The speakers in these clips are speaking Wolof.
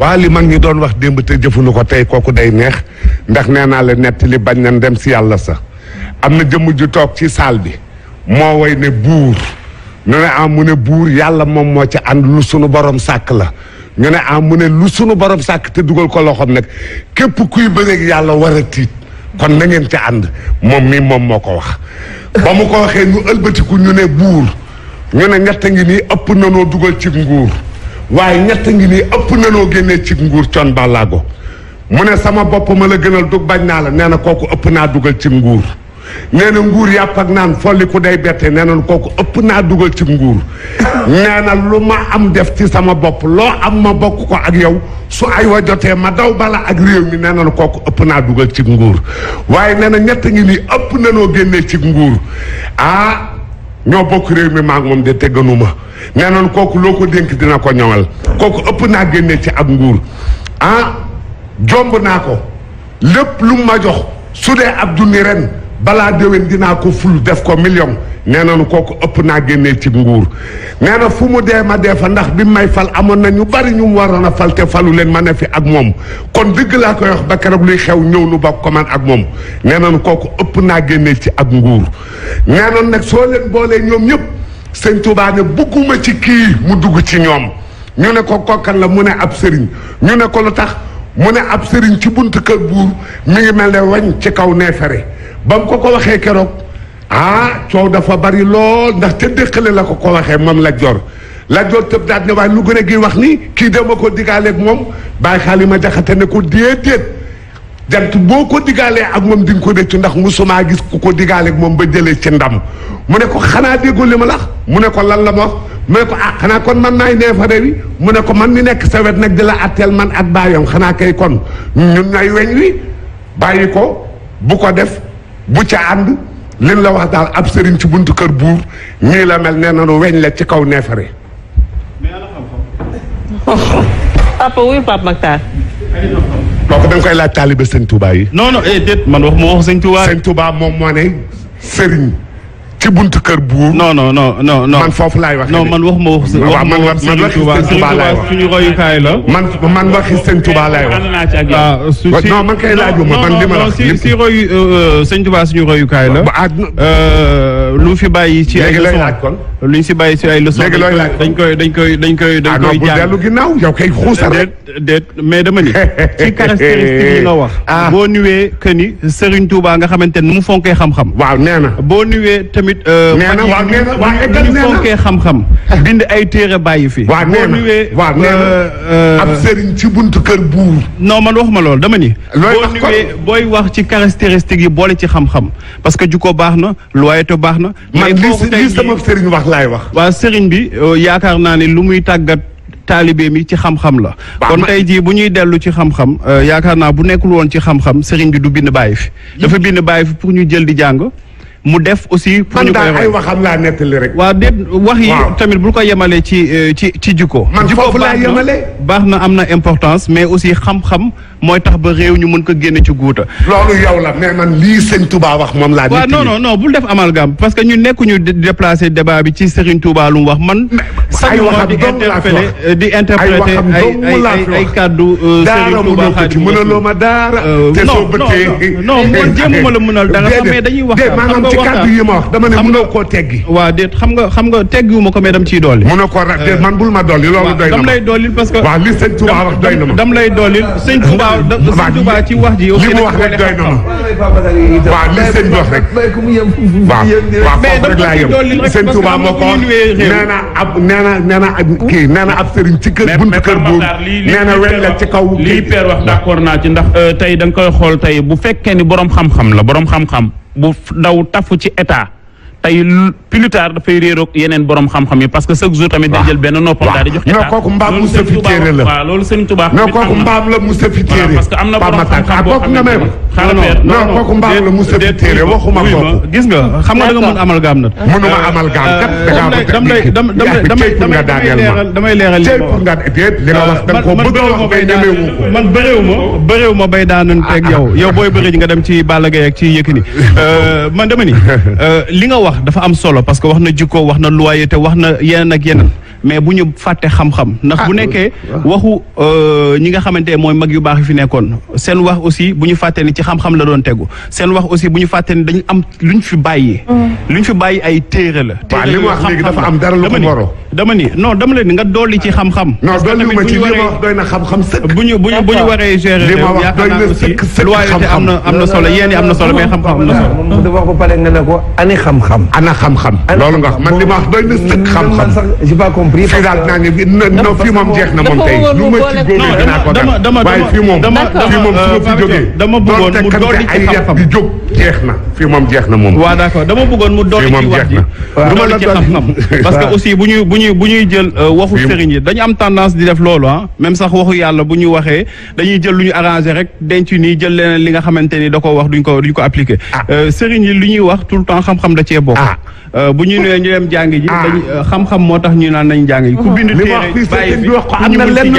waa li mag ñi doon wax démb te jëfuñu ko tey kooku day neex ndax nee naa la nett li bañ na dem si yàlla sa am na jëmm ju toog ci saal bi moo woy ne buur ñu ne am ah mu ne buur yàlla moom moo ci ànd lu sunu borom sàkk la ñu ne am ah mu ne lu sunu borom sàkk te dugal ko loxoom nag képp kuy bëreeg yàlla war a tiit kon na ngeen ci ànd moom mii moom moo ko wax ba mu ko waxee ñu ëlbatiku ñu ne buur ñu ne ñett ngi nii ëpp nanoo dugal ci nguur waaye ñett ngi nii ëpp na loo génnee ci nguur con bàllaago mu ne sama bopp ma la gënal dug bañ naa la nee na kooku ëpp naa dugal ci nguur nee na nguur yàpp ak naan folli ku day bette nee na kooku ëpp naa dugal ci nguur nee na lu ma am def ci sama bopp loo am ma bokk ko ak yow su ay wa jotee ma daw bala ak réew mi nee na kooku ëpp naa dugal ci nguur waaye nee na ñett ngi nii ëpp na noo génnee ci nguur ah ñoo bokk réew mi maag moom de tegganu ma nee kooku loo ko dénk dina ko ñawal kooku ëpp naa génne ci ak nguur ah jomb naa ko lépp lu ma jox su dee ab junni ren balaa déwén dinaa ko ful def ko million nee noonu kooku ëpp naa génnee ci nguur nee na fu mu dee ma dee fa ndax bi may fal amoon na ñu bari ñu mu waroon a fal te falu leen ma ne fi ak moom kon dëgg laa koy wax ba keroog luy xew ñëw nu bokk ko man ak moom nee nañu kooku ëpp naa génnee ci ak nguur nee nañu nag soo leen boolee ñoom ñëpp sëñ Tuubaa ne bugguma ci kii mu dugg ci ñoom ñu ne ko kokkan la mu ne ab sëriñ ñu ne ko lu tax mu ne ab sëriñ ci buntu kër buur mi mel ne wañ ci kaw neefere ba mu ko ko waxee keroog ah coow dafa bari lool ndax te dëkkale la ko ko waxee moom Lat Joor Lat Joor tëb daat ne waaye lu gën a gi wax ni kii dama ko digaaleeg moom bàyyi xaali ma jaxate ne ko déedéet jant boo ko digaalee ak moom di nga ko rëccu ndax musumaa gis ku ko digaaleeg moom ba jëlee ci ndam mu ne ko xanaa déggoo li ma lax mu ne ko lan la ma wax mu ne ko ah xanaa kon man naay neefare wi mu ne ko man mi nekk sawet nag di la atteel man ak baayam xanaa kay kon ñun ñooy weñ wi bàyyi ko bu ko def bu ca ànd liñ la wax ab sëriñ ci buntu kër buur nii la mel nee nañu weñ la ci kaw neefare. papa wuy Pape Makhtar. kooku da nga koy laaj taalibe sëñ Touba yi. non non eh ma wax sëñ Touba. sëñ Touba moom moo ne sëriñ. ci buntu kër buur. non non non non man foofu laay waxee. non man waxuma wax man wax suñu royukaay la. man man waxi sëñ Touba laay wax. waaw ah, su si non man kay laajuma man li ma wax. si si royu euh, euh, sëñ Touba suñu royukaay la. Euh, lu fi bàyyi ci ay leçon lu ñu si bàyyi ci ay leçon dañ koy dañ koy dañ koy dañ ah, koy jàng dellu ginnaaw yow kay xuusal déet déet mais dama ni ci caractéristique yi nga wax ah. boo nuwee que ni Serigne Touba nga xamante ne mu fonkee xam-xam waaw nee na boo nuwee tamit tamit. nee na waaw nee na waaw eggal fonkee xam-xam. bind ay téere bàyyi fi. waaw nee na waaw nee na euh, euh, ab sëriñ ci buntu kër buur. non man waxuma loolu dama ni. looy wax kon booy wax ci caractéristiques yi boole ci xam-xam parce que jikko baax na loyauté baax na. man li li sama sëriñ wax laay wax. waa sëriñ bi euh, yaakaar naa ne lu muy tàggat. taalibe mi ci xam-xam la kon tey jii bu ñuy dellu ci xam-xam yaakaar naa bu nekkul woon ci xam-xam sëriñ bi du bind bàyyi fi dafa bind bàyyi fi pour ñu jël di jàng mu def aussi. pour ñu koy wax man daal ay waxam nettali rek. waaw de wax yi tamit bu ko yemalee ci euh, ci ci jikko. man foofu laa baax na am na importance mais aussi xam-xam mooy tax ba réew ñu mën ko génne ci guuta. loolu yow la mais man lii sëñ Touba wax moom laa. waaw non non non bul def amalgame parce que ñu nekkuñu di déplacé débat bi ci Serigne Touba lu wax man. ay waxam dong laa fi wax euh, di interpréter ay ay ay kàddu. Euh, Serigne Touba xaaj mënaloo ma daara. te soo jéemuma la mënal dara mais dañuy wax ci kàddu yi ma wax dama ne mënoo koo teggi waaw déet xam nga xam nga teggiwuma ko mais dam ci dolli mënoo koo rek déet man bul ma dolli loolu doy na ma dam lay dollil parce que waaw wax doy na ma dam lay dollil sëñ Touba sëñ Touba ci wax ji yow li mu wax rek doy na ma waaw li sëñ na ab nee na nee na ab kii nee na ab sëriñ ci kër buntu kër boobu nee na wel la ci kaw lii père wax d'accord naa ci ndax euh, tey da koy xool tey bu fekke ni borom xam-xam la borom xam-xam bu daw tafu ci état tey plus tard dafay réeroog yeneen borom xam-xam yi parce que chaque jour tamit day jël benn noppam daal di jox état mais kooku mbaam mu sëfi téere la waaw loolu sëñ Tuubaa mais kooku mbaam la mu sëfi téere parce que am na borom xam-xam boo xam ne xalaat non kooku mbaam la mu sëfi téere waxuma kooku gis nga xam nga da nga mën amal gaam nag mënuma amal gaam euh, kat dangaa damay damay leeral li pour nga déet li nga ah, wax da nga ko bëgg a wax bay ñemewu ko man bëréew ma bëréew ma bay daanante ak ah, ah. yow yow booy bëri nga dem ci Balla Gaye ak ci Yékini euh, man dama ni euh, li nga wax wax dafa am solo parce que wax na jikko wax na loyauté wax na yeneen ak yeneen mais bu ñu fàtte xam-xam ndax bu ah, nekkee waxu euh, ñi nga xamante mooy mag yu baax yu fi nekkoon seen wax aussi bu ñu fàtte ni ci xam-xam la doon tegu seen wax aussi bu ñu fàtte ni dañu am lu ñu fi bàyyi mm. lu ñu fi bàyyi ay téere la téere li wax léegi dafa am dara lu ko waro dama ni non dama leen nga dolli ci xam-xam parce que tamit bu ñu waree doy na xam-xam sëkk bu ñu bu ñu bu ñu waree gérer yaakaar naa aussi loyauté am na am na solo yéen am na solo mais xam-xam na solo xam-xam ana xam-xam loolu nga man li ma wax doy na sëkk xam-xam j'ai pas compris fii daal naa ne non fii moom jeex na moom tey lu ma ci góobee dinaa ko dal waaye fii moom fii moom su ma fi jógee euh, euh, dama bëggoon mu doon ay yàpp bi jóg jeex na fii moom jeex na moom. waaw d'accord parce que aussi bu ñuy jël euh, waxu sëriñ yi dañu am tendance di def loolu ah même sax waxu yàlla bu ñu waxee dañuy jël lu ñu arrangé rek denc nii jël leneen li nga xamante ni da ko wax duñ ko duñ ko appliqué ah. euh, sëriñ yi lu ñuy wax tout temps xam-xam da cee bokk ah. euh, bu ñu nee ñu dem jàng ji ah. xam-xam moo tax ñu naan nañ jàng ji ku bind téere bàyyi bi am na lenn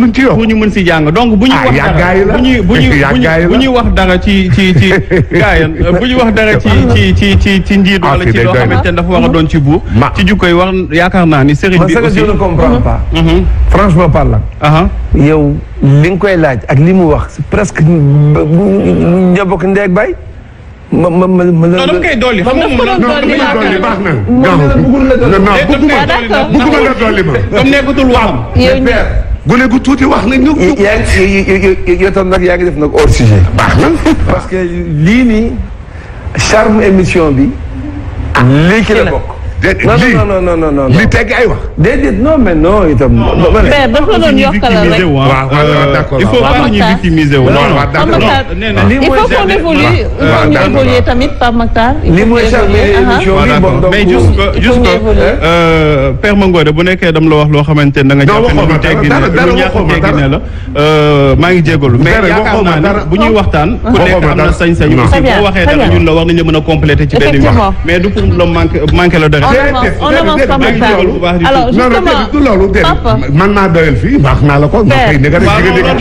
lu ci ñu mën si jàng donc bu ñuy wax dara ci ci bu ñu wax dara ci ci ci ci ci njiit wala ci loo xamante ne dafa war a doon ci buur ci jukko yi war yaakaar naa ni sëriñ bi aussi je ne comprends pas franchement parlant yow li nga koy laaj ak li mu wax presque ñoo bokk ndeeg bay ma ma ma ma la. non koy dolli xam nga mu doon dolli ma non baax na. bëgguma la dolli ma. comme nekkatul waxam. yow ñu gone gu tuuti wax na ñu. yaa ngi yow tam nag yaa ngi def nag hors sujet. baax na parce que lii nii. charme émission bi. lii ci la bokk. déedéet non non non non li teg ay wax. déedéet non mais non itam. mais dafa ko doon yokkalal rek waaw il faut pas ñu victimiser wu. Ah. waaw waaw d'accord il faut qu'on évolue. waaw ñu évoluer tamit Pape Makhtar. li mooy ah, ah. émission bi bon donc mais juste que juste que euh, bu nekkee dama la wax loo xamante ne da nga jàpp ne lu teggi ne lu ne la euh, maa ngi jégalu mais yaakaar naa ne bu ñuy waxtaan ku nekk am na sañ-sañ boo waxee dara ñun la war nañu la mën a compléter ci benn mais du pour la manqué manqué la dara on avance papa man maa doyal fii wax naa la ko. père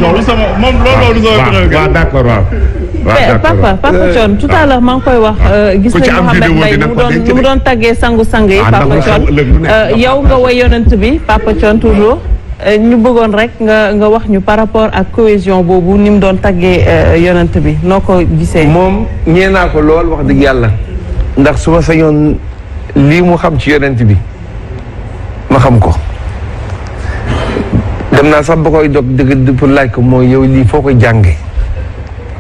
moom loolu waaw papa papa Thione tout maa ngi koy wax. Euh, gis nañu Mouhamed Mbaye mu doon mu doon tàggee sangu sang yi ah, papa Thione euh, yow nga woy yonent bi papa Thione toujours. Euh, ñu bëggoon rek nga nga wax ñu par rapport ak cohésion boobu ni mu doon taggee yonent bi noo ko gisee. moom ñee naa ko lool wax dëgg yàlla ndax su ma sañoon lii mu xam ci yonent bi ma xam ko dem naa sax ba koy dog dëgg pour laaj ko mooy yow lii foo koy jànge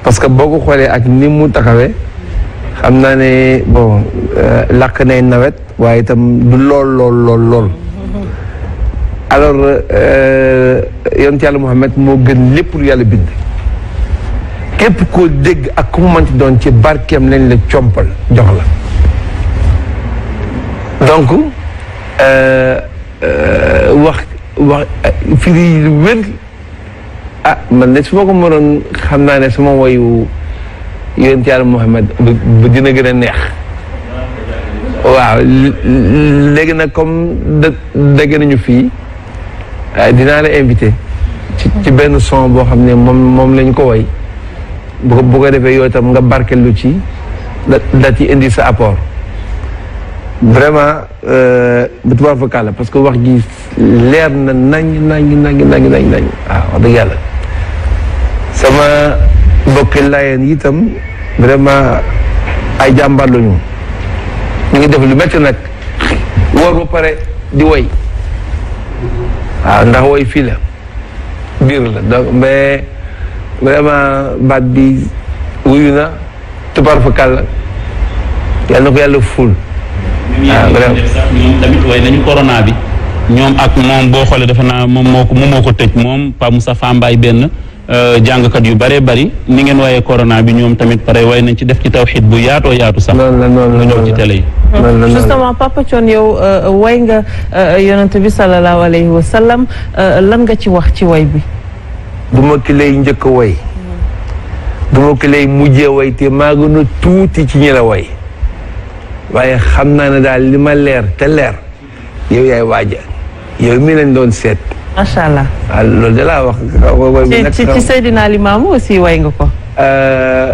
parce que boo ko xoolee ak ni mu taxawee xam naa ne bon euh, làkk nay nawet waaye itam du lool lool lool lool alors euh, yonent yàlla Muhammad moo gën lépp lu yàlla bind képp koo dégg ak ku mu mënti doon ci barkeem lañ la compal jox la donc euh, euh, wax wax firi lu wér ah man de su ma ko mënoon xam naa ne suma woyu yonent yàlla Muhammad ba dina gën a neex waaw léegi nag comme da dégg nañu fii dinaa la invité ci ci benn son boo xam ne moom moom lañ ko woy bu ko bu ko defee yow itam nga barkelu ci da da ci indi sa apport vraiment bu tubaab fa kàlla parce que wax ji leer na nañ nañ nañ nañ nañ nañ waaw ah, wax dëgg yàlla sama mbokki laayeen itam vraiment ay jàmbaar lañu ñu ngi def lu métti nag woor ba pare di woy waaw ah, ndax woy fii la biir la donc mais vraiment baat bi wuyu na tubaab fa kàlla yàlla na ko yàlla ful ñoom ah, tamit way nañu corona bi ñoom ak moom boo xoolee dafa naa moom moo ko moom moo ko tëj moom Pa Moussa Fambaay benn euh, jàngkat yu bëree bëri ni ngeen waaye corona bi ñoom tamit pare waaye nañ ci def ci tawxiid bu yaatoo yaatu sax nga ñëw ci télé yi justement Papa Thione yow euh, way nga euh, yonent bi sallallahu alayhi wa sallam lan nga ci wax ci way bi du ma ki lay njëkk way mm. du ma ki lay mujjee way te maa gën a tuuti ci ñi la way waaye xam naa ne daal li ma leer te leer yow yaay waaja yow mi lañ doon seet. macha allah ah, loolu de laa wax. ci ci Seydina Limaamu aussi way nga ko. Euh,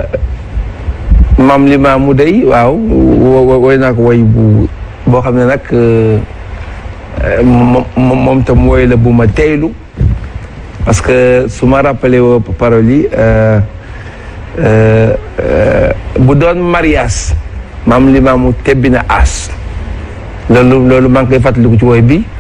maam Limaamu day waaw way naa ko way bu boo xam ne nag euh, euh, moom moom tam woy la bu ma teylu parce que su ma rappelé woo paroles yi bu doon mariage. maam li maamu tebbi na aas loolu loolu maa ngi koy fàttaliku ci woy bi